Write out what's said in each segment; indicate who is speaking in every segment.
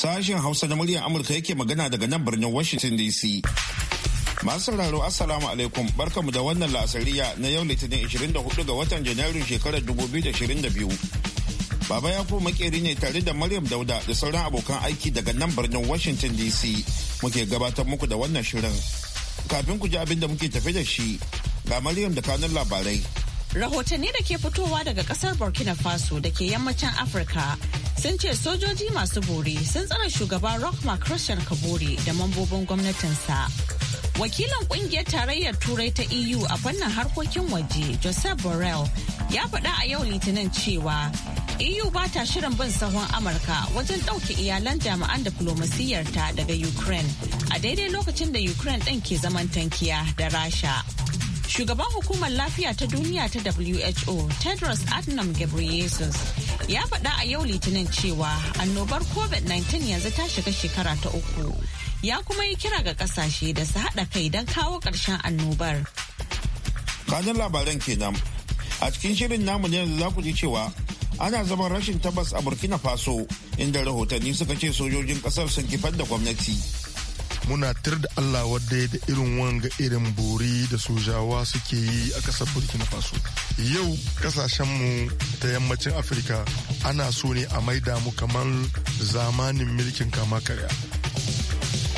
Speaker 1: Sashen Hausa na muryar Amurka yake magana daga nan birnin Washington DC. Masu sauraro Assalamu alaikum barkamu da wannan lasariya na yau Litinin 24 ga watan Janairun shekarar 2022. Baba Yakubu makeri ne tare da Maryam Dauda da sauran abokan aiki daga nan birnin Washington DC muke gabatar muku da wannan shirin. Kafin ku ji abin da muke tafi da shi ga Maryam da kanun labarai.
Speaker 2: Rahotanni da ke fitowa daga kasar Burkina Faso da ke yammacin Afirka sun ce sojoji masu bore sun tsara shugaban rockma christian kabore da mambobin gwamnatinsa Wakilin kungiyar tarayyar turai ta eu a fannin harkokin waje joseph borrell ya faɗa a yau litinin cewa eu ba ta shirin bin sahun amurka wajen ɗauke iyalan jami'an diflomasiyyarta daga ukraine a daidai lokacin da ukraine ɗin ke zaman tankiya da rasha Shugaban hukumar lafiya ta duniya ta WHO Tedros Adhanom Ghebreyesus ya faɗa a yau litinin cewa annobar COVID-19 yanzu ta shiga shekara ta uku. Ya kuma yi kira ga kasashe da su haɗa kai don kawo ƙarshen annobar.
Speaker 1: Kanin labaran kenan. A cikin shirin namu yanzu za ku ji cewa ana zaman rashin tabbas a burkina faso inda rahotanni suka ce sojojin kasar sun kifar da gwamnati
Speaker 3: muna tir da Allah wadda ya da irin wanga irin bori da sojawa suke yi a ƙasar Burkina Faso. Yau mu ta yammacin Afirka ana so ne a maida mu kamar zamanin mulkin kama karya.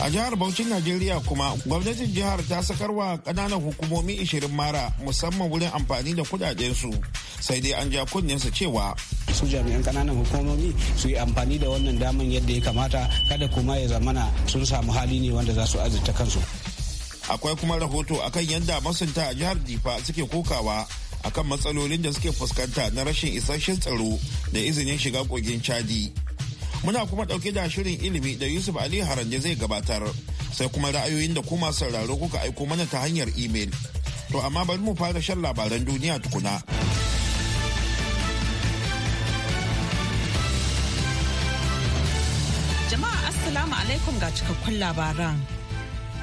Speaker 3: A jihar Bauchin Najeriya kuma gwamnatin
Speaker 1: jihar ta sakarwa kananan hukumomi 20 mara musamman wurin amfani da kudadensu
Speaker 4: sai dai an ja kunninsa cewa su jami'an kananan hukumomi su yi amfani da wannan daman yadda ya kamata kada kuma ya zamana sun samu hali ne wanda za su azurta kansu.
Speaker 1: Akwai kuma rahoto akan yadda masunta a jihar Difa suke kokawa akan matsalolin da suke fuskanta na rashin isasshen tsaro da izinin shiga kogin Chadi. Muna kuma ɗauke da shirin ilimi da Yusuf Ali haranje zai gabatar, sai kuma ra'ayoyin da kuma sauraro kuka aiko mana ta hanyar imel. To amma bari mu fara shan labaran duniya tukuna.
Speaker 2: Jama'a Assalamu alaikum ga cikakkun labaran.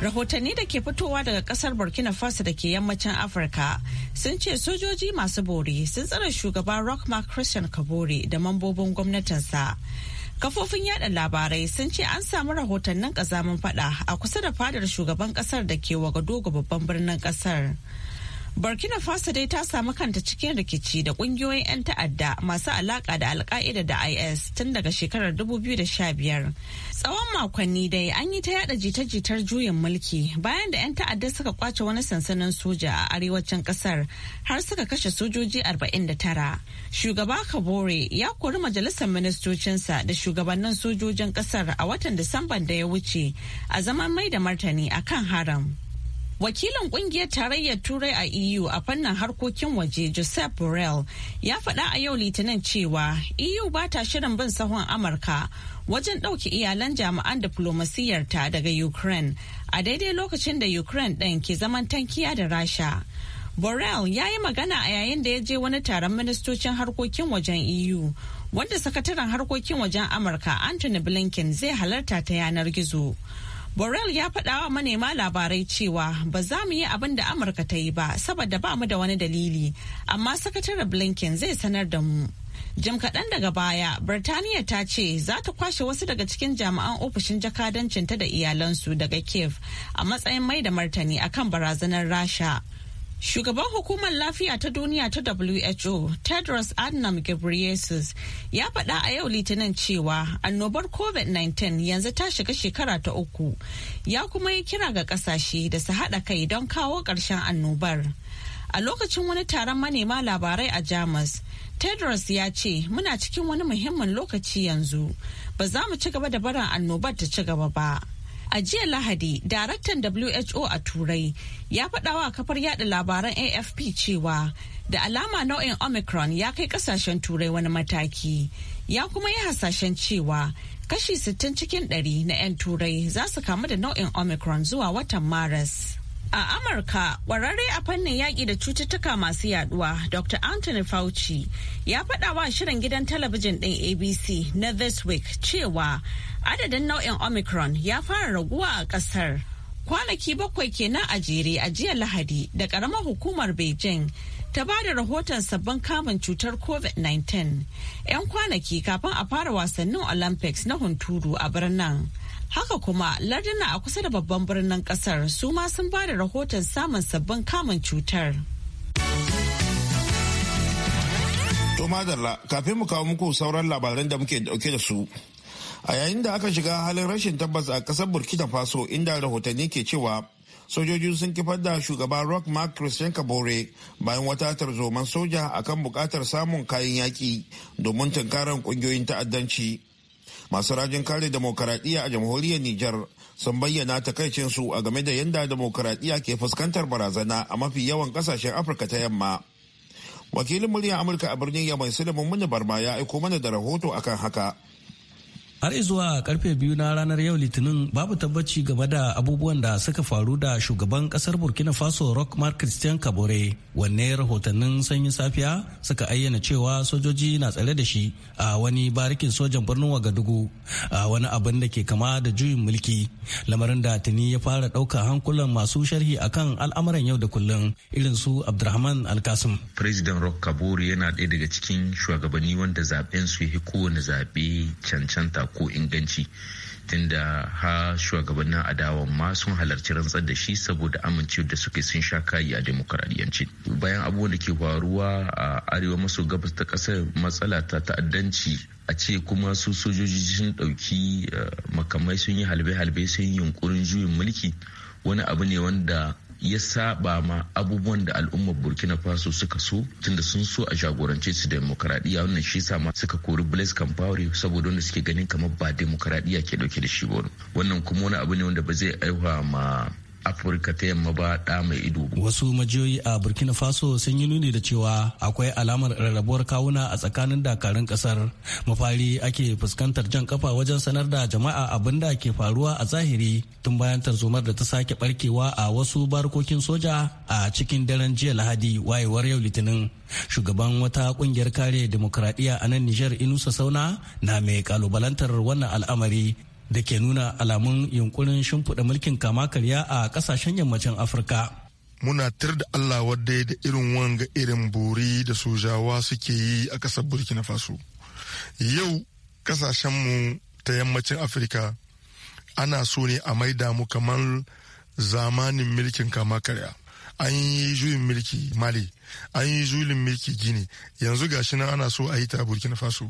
Speaker 2: rahotanni da ke fitowa daga kasar burkina faso da ke yammacin afirka sun ce sojoji masu bore sun tsara shugaban rock mark christian kabore da mambobin gwamnatinsa Kafofin yada labarai sun ce an samu rahotannin kazamin fada a kusa da fadar shugaban kasar da ke ga babban birnin kasar. Burkina Faso dai ta samu kanta cikin rikici da kungiyoyin 'yan ta'adda masu alaka da alka'ida da IS tun daga shekarar 2015. Tsawon makonni dai an yi ta yada jita-jitar juyin mulki bayan da 'yan ta'adda suka kwace wani sansanin soja a arewacin kasar har suka kashe sojoji 49. Shugaba Kabore ya kori majalisar ministocinsa da shugabannin sojojin kasar a watan Disamban da ya wuce a zaman mai da martani akan haram. Wakilin kungiyar tarayyar Turai a EU a fannin harkokin waje Joseph Borrell ya faɗa a yau Litinin cewa EU ba ta shirin bin sahun Amurka wajen ɗauki iyalan jami'an ta daga Ukraine a daidai lokacin da Ukraine ɗin ke zaman tankiya da Rasha. Borrell ya yi magana a yayin da ya je wani taron ministocin harkokin wajen EU wanda sakataren harkokin wajen Amurka Anthony Blinken zai halarta ta yanar gizo. Borrell ya faɗa wa manema labarai cewa ba za mu yi abin da Amurka ta yi ba saboda ba mu da wani dalili, amma sakatare Blinken zai sanar da mu. Jim kaɗan daga baya, Birtaniya ta ce za ta kwashe wasu daga cikin jami'an ofishin jakadancinta da iyalansu daga Kiev a matsayin mai da martani akan barazanar Rasha. Shugaban hukumar lafiya ta duniya ta WHO, Tedros Adhanom Ghebreyesus, ya faɗa a yau litinin cewa annobar COVID-19 yanzu ta shiga shekara ta uku, ya kuma yi kira ga ƙasashe da su haɗa kai don kawo ƙarshen annobar. A lokacin wani taron manema labarai a Jamus, Tedros ya ce muna cikin wani muhimmin lokaci yanzu, ba za mu ci gaba da barin annobar ta ci gaba ba. A jiya Lahadi, daraktan WHO a Turai ya faɗawa kafar yada labaran AFP cewa da alama nau'in Omicron ya kai kasashen Turai wani mataki. Ya kuma yi hasashen cewa kashi 60 cikin 100 na 'yan Turai za su kamu da nau'in Omicron zuwa watan Maris. A Amurka, kwararre a fannin yaƙi da cututtuka masu yaduwa, Dr. Anthony Fauci ya faɗa wa shirin gidan talabijin ɗin ABC na This Week cewa adadin nau'in Omicron ya fara raguwa a ƙasar. Kwanaki bakwai kenan a jere a jiya Lahadi da ƙaramar hukumar Beijing ta ba da rahoton sabbin kamun cutar COVID-19 'yan kwanaki kafin a fara wasannin Olympics na hunturu a birnin. Haka kuma larduna a kusa da babban birnin kasar su ma sun ba da rahoton samun sabbin kamun cutar.
Speaker 1: To madalla kafin mu kawo muku sauran labaran da muke dauke da su. A yayin da aka shiga halin rashin tabbas a kasar Burkina Faso inda rahotanni ke cewa sojoji sun kifar da shugaban Rock Mark Christian Kabore bayan wata tarzoman soja akan bukatar samun kayan yaki domin tunkarar ƙungiyoyin ta'addanci. masu rajin kare demokaradiyya a jamhuriyar Nijar sun bayyana takaicinsu a game da yadda demokaradiyya ke fuskantar barazana a mafi yawan kasashen Afirka ta yamma. Wakilin muryar Amurka a birnin Yamai Sulaiman Muni Barma ya aiko mana da rahoto akan haka har
Speaker 5: zuwa karfe biyu na ranar yau litinin babu tabbaci game da abubuwan da suka faru da shugaban kasar burkina faso rock mark christian kabore wanne rahotannin sanyin safiya suka ayyana cewa sojoji na tsare da shi a wani barikin sojan birnin wagadugu a wani abin da ke kama da juyin mulki lamarin da tuni ya fara ɗaukar hankulan masu sharhi akan al'amuran yau da kullum irin su abdurrahman alkasim
Speaker 6: president rock kabore yana ɗaya daga cikin shugabanni wanda zaben su ya kowane zaɓe cancanta ko inganci tunda ha shugabannin adawa ma sun halarci rantsar da shi saboda amincewa da suke sun sha kayi a demokradiyanci bayan abubuwan da ke faruwa a arewa maso gabas ta kasar matsala ta ta'addanci a ce kuma su sojoji sun ɗauki eh, makamai sun yi halbe-halbe sun yi yunkurin juyin mulki wani abu ne wanda ya saba ma abubuwan da al'ummar burkina faso suka so tunda sun so a jagorance su demokaradiyya wannan shi sa ma suka kori blaise compaore saboda wanda suke ganin kamar ba demokaradiyya ke dauke da shi ba wannan kuma wani abu ne wanda ba zai aiwa ma afirka ta yamma ba ɗa mai ido
Speaker 5: wasu majiyoyi a burkina faso sun yi nuni da cewa akwai alamar rarrabuwar kawuna a tsakanin dakarun kasar mafari ake fuskantar jan kafa wajen sanar da jama'a abin da ke faruwa a zahiri tun bayan tarzomar da ta sake barkewa a wasu barkokin soja a cikin daren jiya lahadi wayewar yau litinin shugaban wata kungiyar kare demokradiyya a nan nijar inusa sauna na mai kalubalantar wannan al'amari da ke nuna alamun yunkurin shimfiɗa mulkin kama karya a ƙasashen yammacin
Speaker 3: afirka muna tir da allah wadda da irin wanga irin buri, da sojawa suke yi a ƙasar burkina faso yau ƙasashenmu ta yammacin afirka ana so ne a maida mu kamar zamanin mulkin kama karya an yi juyin mulki mali an yi juyin mulki gini yanzu gashi nan ana so a yi ta burkina faso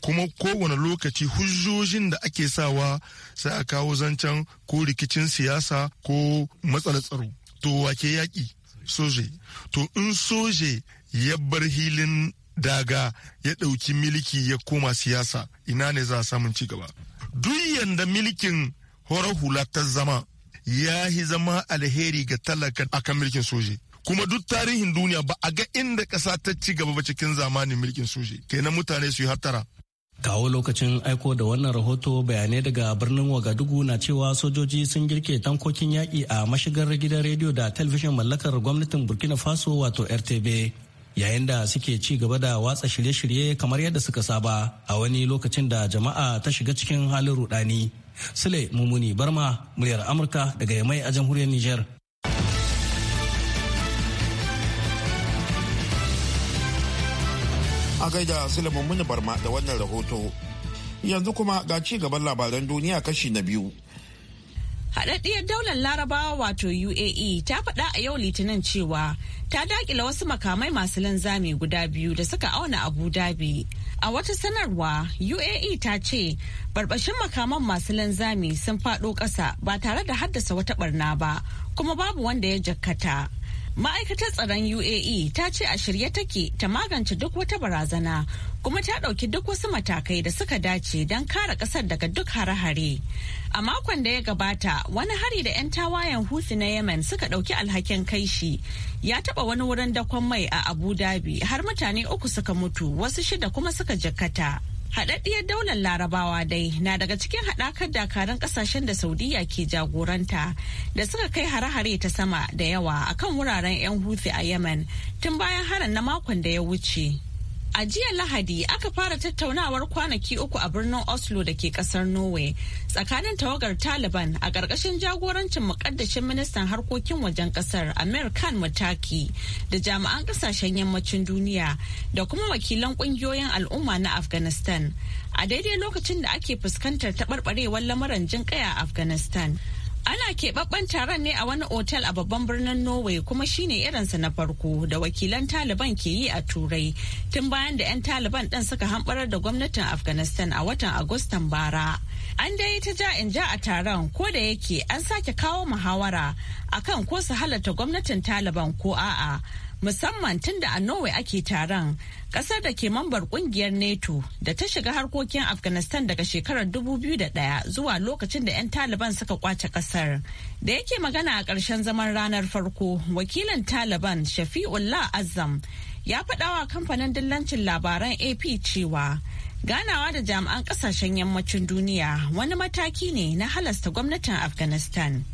Speaker 3: kuma kowane lokaci hujjojin da ake sawa sai a kawo zancen ko rikicin siyasa ko matsalar tsaro to wake yaƙi soje to in soje ya bar hilin daga ya ɗauki miliki ya koma siyasa ina ne za a samun ci gaba duk yanda milikin horar hula ta zama ya yi zama alheri ga talaka akan milikin soje kuma duk tarihin duniya ba a ga inda ƙasa ta ci gaba ba cikin zamanin milikin soje kenan mutane su yi hattara
Speaker 5: kawo lokacin aiko da wannan rahoto bayanai daga birnin wagadugu na cewa sojoji sun girke tankokin yaƙi a mashigar gidan rediyo da talabijin mallakar gwamnatin burkina faso wato rtb yayin da suke ci gaba da watsa shirye-shirye kamar yadda suka saba a wani lokacin da jama'a ta shiga cikin halin rudani sule mumuni barma muryar amurka daga yamai a jamhuriyar Nijar.
Speaker 1: A gaida Sulaiman Muni Barma da wannan rahoto. Yanzu kuma ga ci gaban labaran duniya kashi na biyu.
Speaker 2: Haɗaɗɗiyar daular larabawa wato UAE ta faɗa a yau litinin cewa ta daƙila wasu makamai masu linzami guda biyu da suka auna Abu Dhabi. A wata sanarwa UAE ta ce barbashin makaman masu linzami sun faɗo ƙasa ba tare da haddasa wata ɓarna ba kuma babu wanda ya jakkata. Ma'aikatar tsaron UAE ta ce a shirye take ta magance duk wata barazana kuma ta ɗauki duk wasu matakai da suka dace don kare ƙasar daga duk hare-hare. A makon da ya gabata wani hari da 'yan tawayen hutu na Yemen suka ɗauki alhakin kai shi ya taɓa wani wurin dakon mai a Abu Dhabi har mutane uku suka mutu wasu shida kuma suka jikkata. Haɗaɗɗiyar daular larabawa dai na daga cikin haɗakar dakarun ƙasashen da Saudiya ke jagoranta da suka kai hare-hare ta sama da yawa akan wuraren 'yan Houthi a Yemen tun bayan harin na makon da ya wuce. A jiya Lahadi aka fara tattaunawar kwanaki uku a birnin Oslo da ke kasar Norway tsakanin tawagar Taliban a ƙarƙashin jagorancin muƙaddashin ministan harkokin wajen ƙasar Amir Khan Mutaki da jami'an ƙasashen yammacin duniya da kuma wakilan ƙungiyoyin al'umma na Afghanistan a daidai lokacin da ake fuskantar taɓarɓarewar lamarin jinƙai a Afghanistan. Ana keɓaɓɓen taron ne a wani otel a babban birnin Norway kuma shine irinsa na farko da wakilan Taliban ke yi a Turai tun bayan da 'yan Taliban ɗin suka hamɓarar da gwamnatin Afghanistan a watan Agustan bara. An dai ta ja in ja a taron ko da yake an sake kawo muhawara akan ko su halatta gwamnatin Taliban ko a'a. musamman tun da a Norway ake taron kasar da ke mambar kungiyar NATO da ta shiga harkokin Afghanistan daga shekarar 2001 zuwa lokacin da 'yan Taliban suka kwace kasar. Da yake magana a ƙarshen zaman ranar farko, wakilin Taliban Shafi'ullah Azam ya faɗawa kamfanin dillancin labaran AP cewa ganawa da jami'an ƙasashen yammacin duniya wani mataki ne na halasta gwamnatin Afghanistan.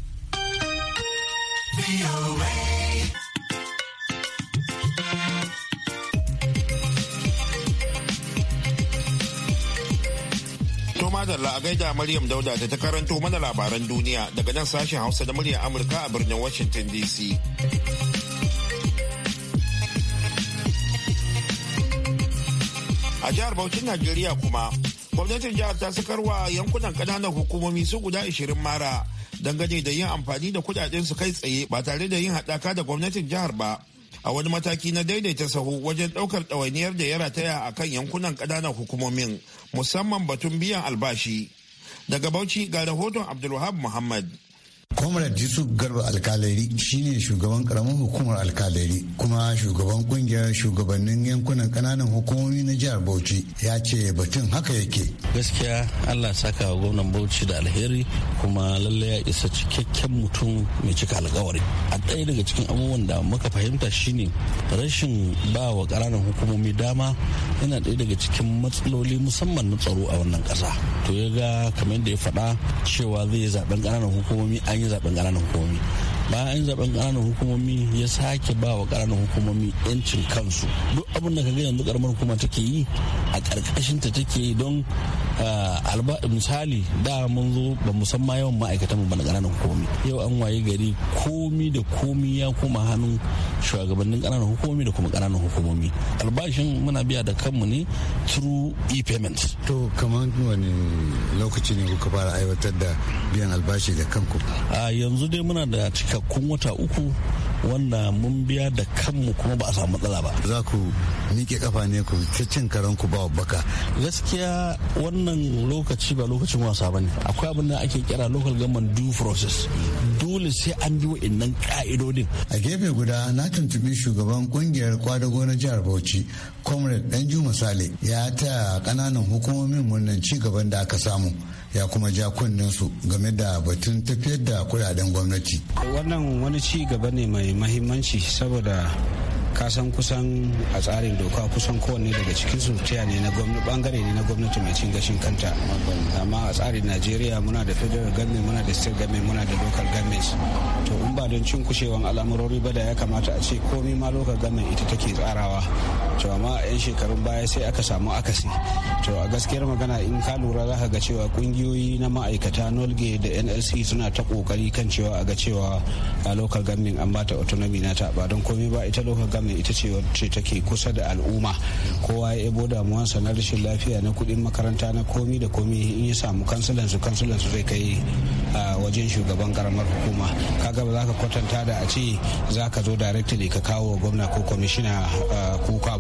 Speaker 1: To madalla a gaida Maryam Dauda da ta karanto mana labaran duniya daga nan sashen Hausa da murya Amurka a birnin Washington DC. A jihar Bauchin Najeriya kuma, gwamnatin jihar ta sakarwa yankunan ƙananan hukumomi su guda 20 mara dangane da yin amfani da kudaden su kai tsaye ba tare da yin haɗaka da gwamnatin jihar ba. a wani mataki na daidaita sahu wajen ɗaukar ɗawainiyar da ya rataya a kan yankunan ƙananan hukumomin musamman batun biyan albashi daga bauchi ga rahoton abdulwahab muhammad comrade yusuf garba alkalari shine
Speaker 7: shugaban karamin hukumar alkalari kuma shugaban kungiyar shugabannin yankunan kananan hukumomi na jihar bauchi ya ce batun haka yake gaskiya allah saka wa gwamnan bauchi da alheri kuma lallai ya isa cikakken mutum mai cika alkawari a ɗaya daga cikin abubuwan da muka fahimta shine rashin ba wa kananan hukumomi dama yana ɗaya daga cikin matsaloli musamman na tsaro a wannan ƙasa to ya ga kamar da ya faɗa cewa zai zaɓen kananan hukumomi an yi yin zaben ƙananan hukumomi bayan an yi zaben ƙananan hukumomi ya sake ba wa ƙananan hukumomi yancin kansu duk abin da ka ga yanzu ƙaramar hukuma take yi a ƙarƙashinta take yi don Eh, misali da mun zo ba musamman yawan ma'aikatan mu ba na ƙananan hukumi yau an waye gari komi da komi ya koma hannun shugabannin ƙananan hukumi da kuma ƙananan hukumomi albashin muna biya da kanmu ne through e-payment to kamar wani lokaci ne kuka fara aiwatar da biyan albashi da kanku a yanzu dai muna da cikakkun wata uku Wannan mun biya da kanmu kuma ba a samu matsala ba za ku miƙe kafa ne ku cin karan ku ba baka gaskiya wannan lokaci ba lokacin wasa bane akwai abin da ake kira local government due process dole sai an bi wa'annan ka'idodin a gefe guda na tuntubi shugaban kungiyar kwadago na jihar Bauchi comrade danju sale ya ta kananan hukumomin wannan ci gaban da aka samu ya kuma ja su game da batun tafiyar da kudaden gwamnati wannan wani ci gaba
Speaker 4: ne mai mahimmanci saboda kasan kusan a tsarin doka kusan kowanne daga cikin su ne na gwamnati bangare ne na gwamnati mai cin gashin kanta amma a tsarin najeriya muna da federal government muna da state government muna da local government to in ba don cin kushewan al'amurori ba da ya kamata a ce komi ma local government ita take tsarawa to amma a 'yan shekarun baya sai aka samu akasi to a gaskiyar magana in ka lura za ka ga cewa kungiyoyi na ma'aikata nolge da nlc suna ta kokari kan cewa a ga cewa a local government an bata autonomy na ta ba don komi ba ita local government ne ita ce wacce take kusa da al'umma kowa ya ebo damuwansa na rashin lafiya na kudin makaranta na komi da komi in ya samu kansulan su kansulan su zai kai a wajen shugaban karamar hukuma kaga ba za ka kwatanta da a ce za ka zo directly ka kawo gwamna ko kwamishina kuka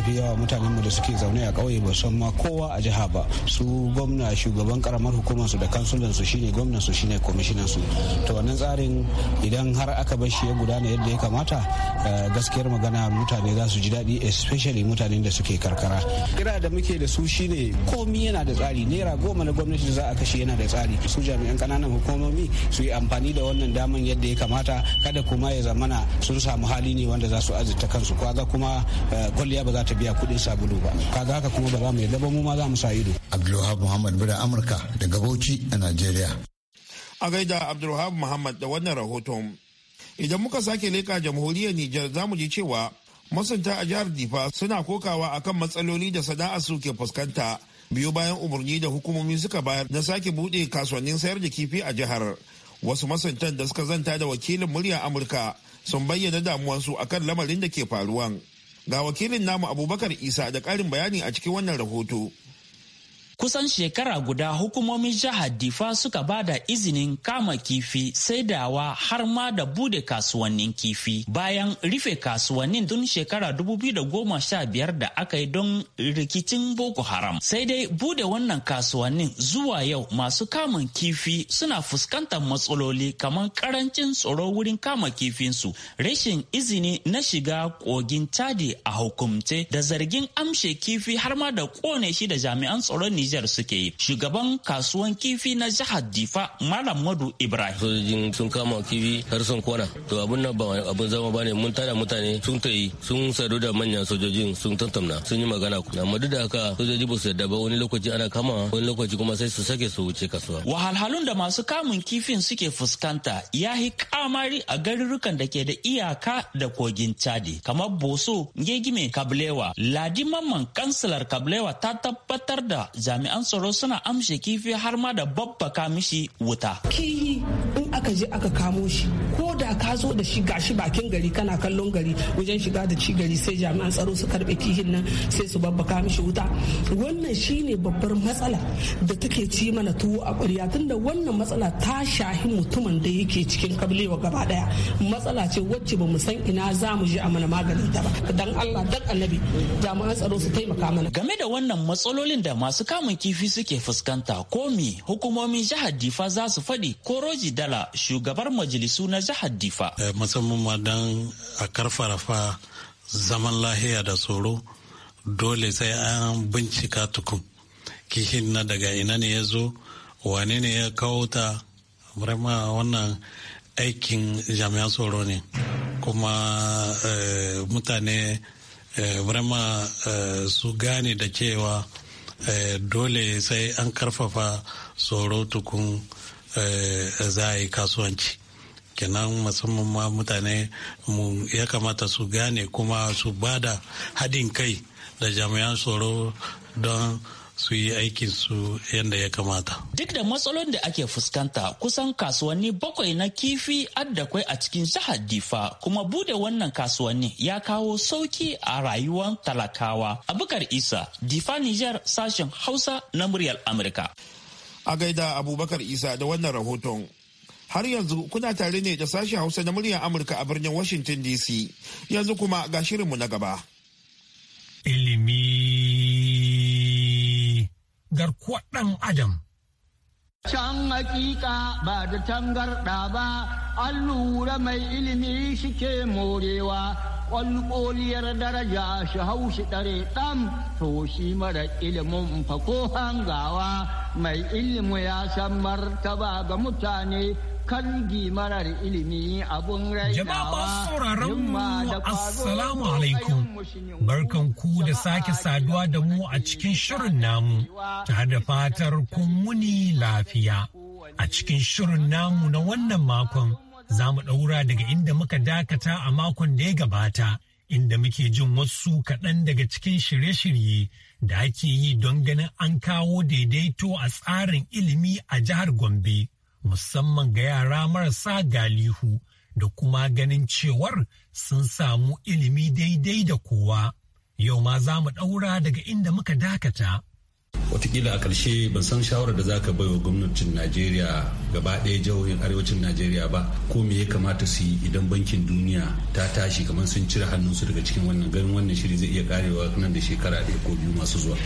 Speaker 4: mafi yawa mutanen mu da suke zaune a kauye ba san ma kowa a jiha ba su gwamna shugaban karamar hukumar su da kansulan su shine gwamnan su shine kwamishinan su to wannan tsarin idan har aka bar shi ya gudana yadda ya kamata eh, gaskiyar magana mutane za su ji daɗi especially mutanen da suke karkara kira da muke da su shine komi yana da tsari naira goma na gwamnati da za a kashe yana da tsari su jami'an kananan hukumomi su yi amfani da wannan daman yadda ya kamata kada kuma ya zamana sun samu hali ne wanda za su azurta kansu kaga kuma eh, kwalliya ba za ta ta biya kuɗin sabulu ba kaga haka kuma ba za mu yi ba mu ma za mu sa ido abdulwahab muhammad bira amurka daga bauchi
Speaker 7: a
Speaker 1: najeriya a gaida abdulwahab muhammad da wannan rahoton idan muka sake leka jamhuriyar Niger za mu ji cewa masunta a jihar difa suna kokawa akan matsaloli da sana'a su ke fuskanta biyu bayan umarni da hukumomi suka bayar na sake bude kasuwannin sayar da kifi a jihar wasu masuntan da suka zanta da wakilin murya amurka sun bayyana damuwansu akan lamarin da ke faruwan Ga wakilin namu Abubakar Isa da ƙarin bayani a cikin wannan rahoto.
Speaker 6: kusan shekara guda hukumomin jihar difa suka ba da izinin kama kifi sai saidawa har ma da bude kasuwannin kifi bayan rufe kasuwannin tun shekara 2015 da aka yi don rikicin boko haram sai dai bude wannan kasuwannin zuwa yau masu kamun kifi suna fuskantar matsaloli kamar karancin tsaro wurin kama kifinsu rashin izini na shiga kogin tadi a hukumce da zargin amshe kifi har ma da kone shi da jami'an tsaron Nijar suke yi shugaban kasuwan kifi na jihar Difa Malam Madu Ibrahim. Sojin sun kama kifi har sun kwana. to abin nan ba abin zama ba ne mun tara mutane sun tayi sun sadu da manyan sojojin sun tantamna sun yi magana ku amma duk da haka sojoji ba su yadda ba wani lokaci ana kama wani lokaci kuma sai su sake su wuce kasuwa. Wahalhalun da masu kamun kifin suke fuskanta ya yi kamari a garurukan da ke da iyaka da kogin Chadi kamar Boso, Ngegime, Kablewa, Ladi Mamman kansilar Kablewa ta tabbatar da jami'an jami'an tsaro suna amshe kifi har ma da babba mishi wuta. Kihi in aka je aka kamo shi ko da ka zo da shi gashi bakin gari kana kallon gari wajen shiga da ci gari sai jami'an tsaro su karbe kihin nan sai su babbaka mishi wuta wannan shine babbar matsala da take ci mana tuwo a ƙwarya tunda wannan matsala ta shahi mutumin da yake cikin kablewa gaba daya matsala ce wacce ba mu san ina za mu je a mana maganin ta ba dan Allah dan annabi jami'an tsaro su taimaka mana game da wannan matsalolin da masu kamun kifi suke fuskanta ko me hukumomin jihar Difa za su faɗi ko Roji Dala shugabar majalisu na jihar difa eh, musamman
Speaker 7: ma don a karfarafa zaman lahiya da tsoro dole sai an bincika tukun kihin na daga ina ne ya zo wane ne ya kawo ta wannan aikin jami'an tsoro ne kuma eh, mutane eh, rama su gane da cewa dole sai an karfafa tsoro tukun za a yi kasuwanci kenan musamman ma mutane ya kamata su gane kuma su bada haɗin kai da jami'an tsoro don su yi aikin su yadda ya kamata.
Speaker 6: Duk da matsalolin da ake fuskanta kusan kasuwanni bakwai na kifi addakwai a cikin jihar Difa kuma bude wannan kasuwanni ya kawo sauki a rayuwar talakawa. abubakar Isa, Difa nijar sashen Hausa na muryar Amurka. A gaida
Speaker 1: Abubakar Isa da wannan rahoton Har yanzu kuna tare ne da sashen Hausa na muryar Amurka a birnin Washington DC. Yanzu kuma ga shirinmu na gaba.
Speaker 8: Ilimi garkuwar ɗan Adam.
Speaker 5: Can hakika ba da tangarɗa ba, allura mai ilimi shike morewa, Kwalkoliyar daraja shi haushi ɗare ɗan to shi mara ilimin fa ko hangawa mai ilimi ya san martaba ga mutane kangi marar ilimi abun rai jama'a sauraron mu assalamu
Speaker 8: alaikum barkan ku da sake saduwa da mu a cikin shirin namu ta da fatar kun muni lafiya a cikin shirin namu na wannan makon za mu ɗaura daga inda muka dakata a makon da ya gabata inda muke jin wasu kaɗan daga cikin shirye-shirye da ake yi don ganin an kawo daidaito a tsarin ilimi a jihar Gombe musamman ga yara marasa galihu da kuma ganin cewar sun samu ilimi daidai da kowa. Yau ma za mu ɗaura daga inda muka dakata.
Speaker 7: watakila a ƙarshe ban san shawarar da za ka bai wa gwamnatin najeriya gaba ɗaya jihohin arewacin najeriya ba ko me ya kamata su yi idan bankin duniya ta tashi kamar sun cire hannunsu daga cikin wannan ganin wannan shiri zai iya karewa nan da shekara ɗaya ko biyu masu zuwa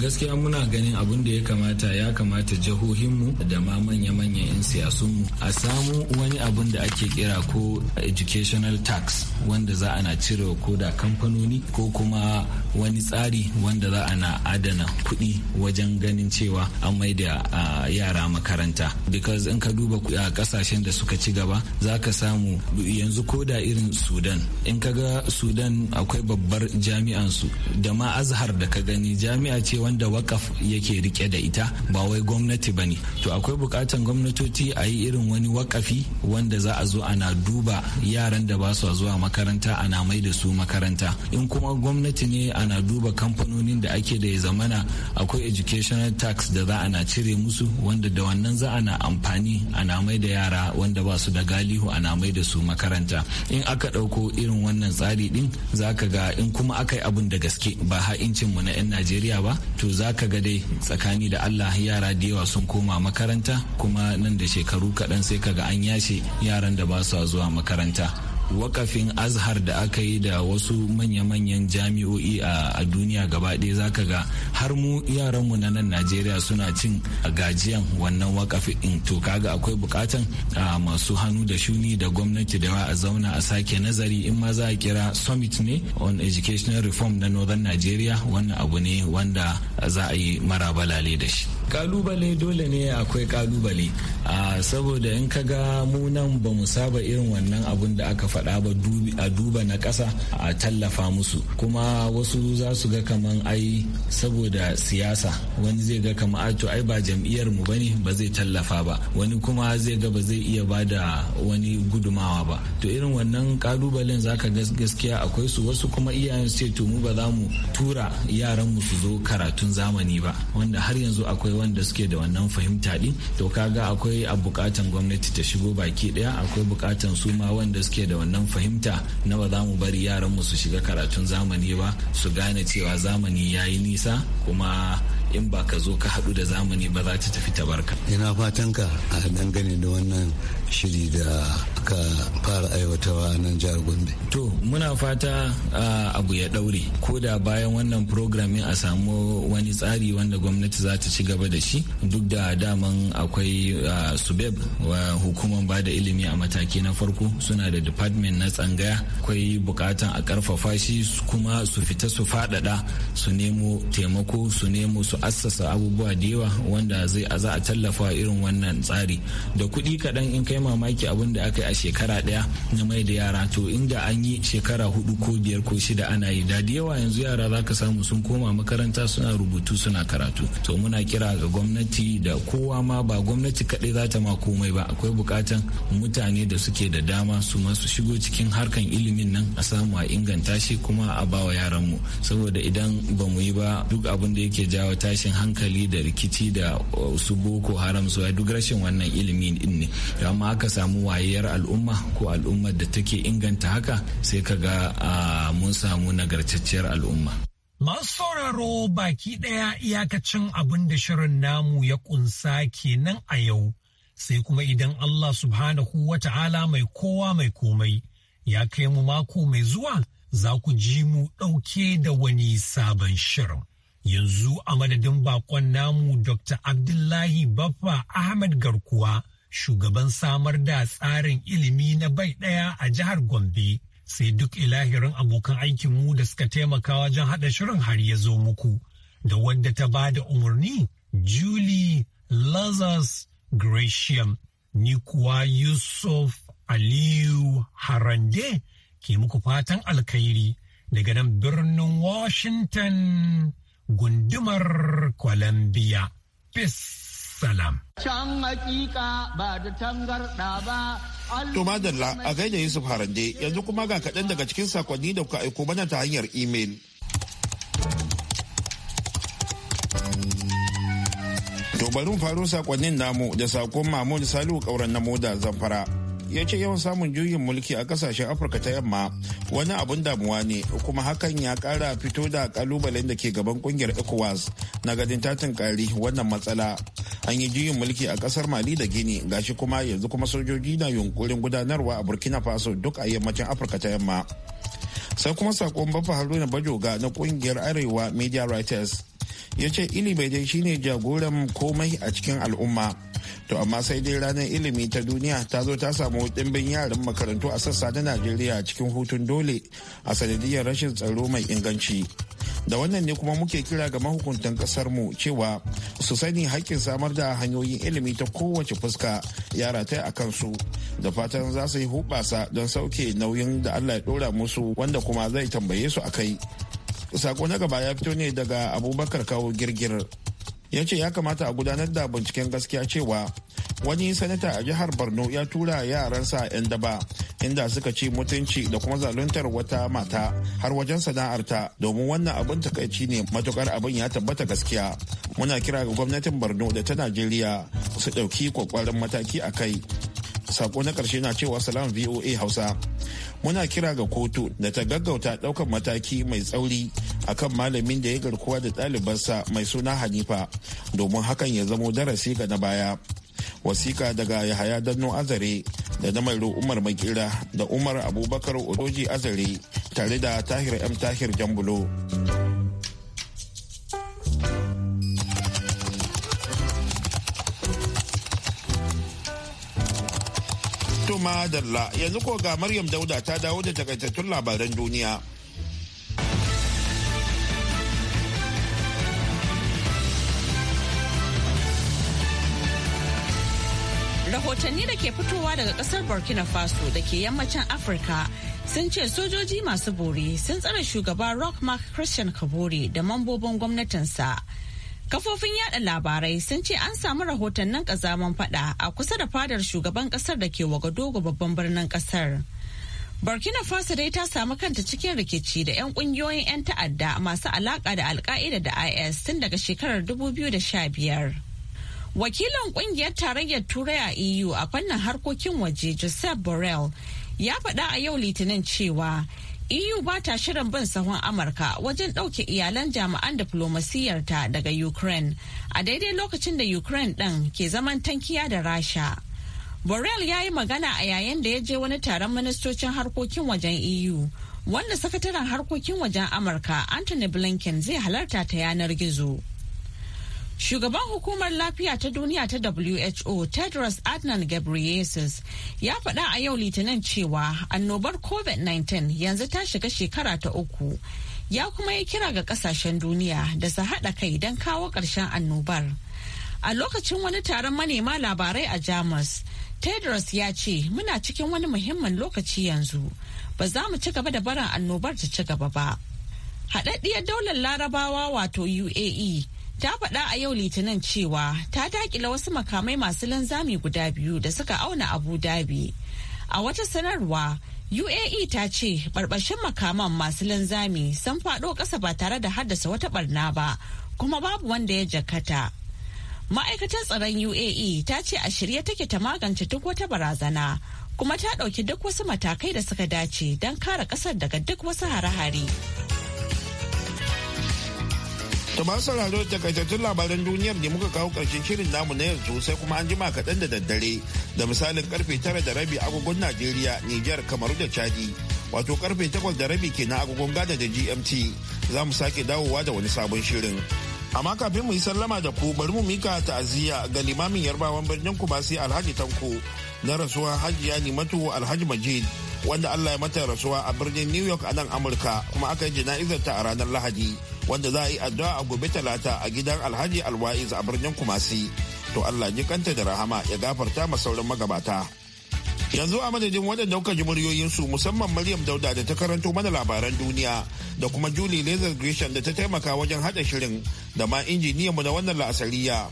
Speaker 9: gaskiya muna ganin abin da ya kamata ya kamata jihohinmu da ma manya-manyan 'yan siyasunmu a samu wani abin da ake kira ko educational tax wanda za ana cire ko da kamfanoni ko kuma wani tsari wanda za ana adana kuɗi wajen ganin cewa an maida yara makaranta because in ka duba kasashen da suka ci gaba za ka samu yanzu ko da irin sudan in ka ga sudan akwai babbar jami'ansu da ma azhar da ka gani jami'a ce wanda wakaf yake rike da ita ba wai gwamnati ba ne to akwai bukatan gwamnatoci a yi irin wani wakafi wanda za a zo ana duba yaran da ba su zuwa makaranta ana mai da su makaranta in kuma gwamnati ne ana duba kamfanonin da ake da ya zamana akwai educational tax da za ana cire musu wanda da wannan za ana amfani ana mai da yara wanda ba su da galihu ana mai da su makaranta in aka ɗauko irin wannan tsari din za ka ga in kuma aka yi abun da gaske ba ha'incin mu na 'yan najeriya ba to za ka ga dai tsakani da allah yara da yawa sun koma makaranta kuma nan da shekaru kaɗan sai ka ga an yashe yaran da ba su zuwa makaranta wakafin azhar da aka yi da wasu manya-manyan jami'o'i a duniya gaba ɗaya zaka ga har mu yaranmu na nan najeriya suna cin gajiyan wannan wakafin to kaga akwai bukatan a masu hannu da shuni da gwamnati da a zauna a sake nazari in ma za a kira summit ne on educational reform na northern nigeria wannan abu ne wanda za a yi marabalale da shi kalubale dole ne akwai kalubale saboda in ka ga mu nan ba mu saba irin wannan abun da aka faɗa ba a duba na ƙasa a tallafa musu kuma wasu za su ga kaman ai saboda siyasa wani zai ga kama a ah, to ai ba jam'iyyar mu bane ba zai tallafa ba wani kuma zai ga ba zai iya ba da wani gudumawa ba to irin wannan kalubalen ka gaskiya akwai su wasu kuma iyayen ce to mu ba za mu tura yaran mu su zo karatun zamani ba wanda har yanzu akwai wanda suke da wannan fahimta din to kaga akwai a bukatan gwamnati ta shigo baki daya akwai bukatan su ma wanda suke da wannan fahimta na ba za mu bari yaranmu su shiga karatun zamani ba su gane cewa zamani ya yi nisa kuma in ba ka zo ka haɗu da zamani ba za ta tafi tabarka.
Speaker 7: ina fatan ka a dangane da wannan shiri da aka fara aiwatawa nan
Speaker 9: jihar gombe to muna fata abu ya ɗaure ko da bayan wannan programin a samu wani tsari wanda gwamnati za ta ci gaba da shi duk da daman akwai subeb wa hukumar ba da ilimi a mataki na farko suna da admin na tsangaya akwai bukatan a karfafa shi kuma su fita su fadada su nemo taimako su nemo su assasa abubuwa da yawa wanda zai a za a tallafa irin wannan tsari da kuɗi kaɗan in kai mamaki abin da aka yi a shekara ɗaya na mai da yara to inda an yi shekara hudu ko biyar ko shida ana yi da yawa yanzu yara za ka samu sun koma makaranta suna rubutu suna karatu to muna kira ga gwamnati da kowa ma ba gwamnati kaɗai za ta ma komai ba akwai bukatan mutane da suke da dama su masu shigo cikin harkan ilimin nan a samu a inganta shi kuma a bawa yaranmu saboda idan ba mu yi ba duk abin da yake jawo tashin hankali da rikici da uh, su boko haram su duk rashin wannan ilimi din ne amma aka samu wayeyar al'umma ko al'umma da take inganta haka sai ka ga uh, mun samu nagartacciyar al'umma
Speaker 8: Masu sauraro baki ɗaya iyakacin abin da shirin namu ya ƙunsa kenan a yau. sai kuma idan Allah subhanahu wa ta'ala mai kowa mai komai ya kai mu mako mai zuwa za ku ji mu ɗauke da wani sabon shirin. Yanzu a madadin bakon namu Dr. Abdullahi Baffa Ahmed Garkuwa, shugaban samar da tsarin ilimi na bai ɗaya a jihar Gombe, sai duk ilahirin abokan aikinmu da suka taimaka wajen haɗa shirin har ya zo muku, da wadda ta ba da umarni, Julie Lazarus Gresham, ni kuwa Yusuf Aliyu Harande ke muku fatan alkhairi daga nan birnin Washington gundumar Columbia. Peace salam.
Speaker 5: Can hakika ba da tangarda ba. To madalla a gaida
Speaker 1: Yusuf Harande yanzu kuma ga kaɗan daga cikin sakonni da kuka aiko mana ta hanyar imel. barin mu faro sakonnin namu da sakon mahmud salihu kauran na moda zamfara ya ce yawan samun juyin mulki a kasashen afirka ta yamma wani abun damuwa ne kuma hakan ya kara fito da kalubalen da ke gaban kungiyar ecowas na gadin tatin kari wannan matsala an yi juyin mulki a kasar mali da gini gashi kuma yanzu kuma sojoji na yunkurin gudanarwa a burkina faso duk a yammacin afirka ta yamma sai kuma sakon bafa haruna bajoga na kungiyar arewa media writers ya ce ilimi dai shine jagoran komai a cikin al'umma to amma sai dai ranar ilimi ta duniya ta zo ta samu dimbin yaran makarantu a sassa na najeriya cikin hutun dole a sanadiyar rashin tsaro mai inganci da wannan ne kuma muke kira ga mahukuntan kasar mu cewa su sani hakkin samar da hanyoyin ilimi ta kowace fuska yara ta a kansu da fatan za su yi hubasa don sauke nauyin da allah ya ɗora musu wanda kuma zai tambaye su a kai sako na gaba ya fito ne daga abubakar kawo girgir ya ce ya kamata a gudanar da binciken gaskiya cewa wani sanata a jihar borno ya tura yaransa 'yan daba inda suka ci mutunci da kuma zaluntar wata mata har wajen sana'arta domin wannan abin takaici ne matukar abin ya tabbata gaskiya muna kira ga gwamnatin borno da ta najeriya su ɗauki kwakwarin mataki a kai sako na karshe na cewa salam voa hausa muna kira ga kotu da ta gaggauta daukan mataki mai tsauri akan malamin da ya garkuwa da ɗalibansa mai suna hanifa domin hakan ya zamo darasi ga na baya wasika daga yahaya danno azare da na mai umar makira da umar abubakar odoji azare tare da tahir m tahir jambulo. Dalla yanzu ko ga Maryam Dauda ta dawo da takaitattun labaran duniya.
Speaker 2: rahotanni da ke fitowa daga kasar burkina faso da ke yammacin afirka sun ce sojoji masu bore sun tsara shugaba rock mark christian kabore da mambobin gwamnatinsa Kafofin yada labarai sun ce an samu rahotannin kazaman fada a kusa da fadar shugaban kasar da ke Wagadogo babban birnin kasar. Burkina Faso dai ta samu kanta cikin rikici da 'yan kungiyoyin 'yan ta'adda masu alaka da alka'ida da IS tun daga shekarar 2015. Wakilin kungiyar tarayyar Turai a EU a fannin harkokin waje Joseph Borrell ya faɗa a yau Litinin cewa EU ba ta shirin bin sahun Amurka wajen ɗauke iyalan jami'an diplomasiyarta daga Ukraine a daidai lokacin da Ukraine ɗin ke zaman tankiya da Rasha. Borrell ya yi magana a yayin da ya je wani taron ministocin harkokin wajen EU, wanda sakataren harkokin wajen Amurka Anthony Blinken zai halarta ta yanar gizo. Shugaban hukumar lafiya ta duniya ta WHO Tedros Adnan Ghebreyesus ya faɗa a yau litinin cewa annobar COVID-19 yanzu ta shiga shekara ta uku. Ya kuma yi kira ga kasashen duniya da su haɗa kai don kawo ƙarshen annobar. A lokacin wani taron manema labarai a Jamus, Tedros ya ce muna cikin wani muhimmin lokaci yanzu ba za mu ci gaba da barin annobar ta ci gaba ba. Haɗaɗɗiyar daular larabawa wato UAE ta faɗa a yau litinin cewa ta dakila wasu makamai masu linzami guda biyu da suka auna abu dhabi a wata sanarwa uae ta ce barbashin makaman masu linzami sun faɗo ƙasa ba tare da haddasa wata barna ba kuma babu wanda ya jakata ma'aikatar tsaron uae ta ce a shirye take ta magance duk wata barazana kuma ta ɗauki duk wasu matakai da suka dace don kare ƙasar daga duk wasu hare-hare.
Speaker 1: To masu sauraro takaitattun labaran duniyar ne muka kawo ƙarshen shirin namu na yanzu sai kuma an jima kaɗan da daddare da misalin karfe tara da rabi agogon Najeriya, Nijar, Kamaru da Chadi. Wato karfe takwas da rabi kenan agogon gada da GMT za mu sake dawowa da wani sabon shirin. Amma kafin mu yi sallama da ku bari mu mika ta'aziyya ga limamin yarbawan birnin Kumasi Alhaji Tanko na rasuwar Hajiya Nimatu Alhaji Majid. wanda Allah ya mata rasuwa a birnin New York a nan Amurka kuma aka yi jana'izar ta a ranar Lahadi wanda za a yi addu'a a gobe talata a gidan Alhaji Alwa'iz a birnin Kumasi. To Allah ji kanta da rahama ya gafarta ma sauran magabata. Yanzu a madadin waɗanda kuka ji muryoyinsu musamman Maryam Dauda da ta karanto mana labaran duniya da kuma Julie Lazar Gresham da ta taimaka wajen haɗa shirin da ma mu na wannan la'asariya.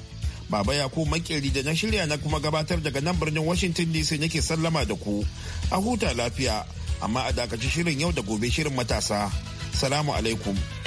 Speaker 1: Baba ya ku makeri da na shirya na kuma gabatar daga nan birnin Washington DC nake sallama da ku. A huta lafiya, amma a dakaci shirin yau da gobe shirin matasa. Salamu alaikum.